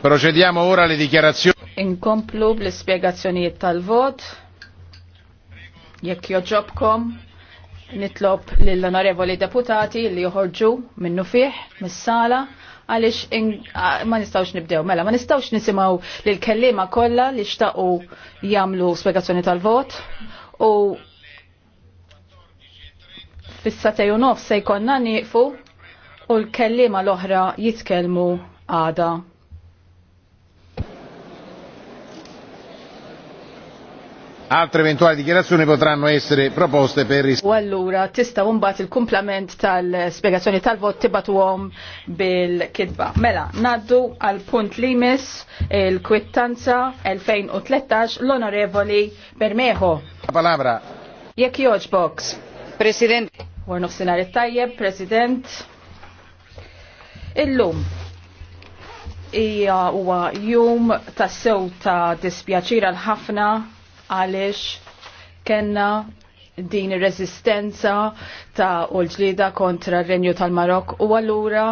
Procediamo ora alle dichiarazioni. Inkomplu bl-spiegazzjonijiet tal-vot. Jekk joġobkom, nitlob lill-onorevoli deputati li joħorġu minnu fih, mis-sala, għalix ma nistawx nibdew. Mela, ma nistawx nisimaw l-kellima kolla li xtaqu jamlu spiegazzjoni tal-vot u fissatej u nof se jkollna nieqfu u l-kellima l-oħra jitkelmu għada. Altre eventuali dichiarazioni potranno essere proposte per U allura tista' mbagħad il-kumplament tal-spjegazzjoni tal-vot tibatuhom bil-kidba. Mela, naddu al punt limes il-kwittanza 2013 l-Onorevoli Bermejo. La palabra. Jekk box. President. War nofsinhar tajjeb, President. Illum, hija huwa jum tassew ta' dispjaċira l-ħafna għaliex kena din ir resistenza ta' u l-ġlida kontra r-renju tal-Marok u allura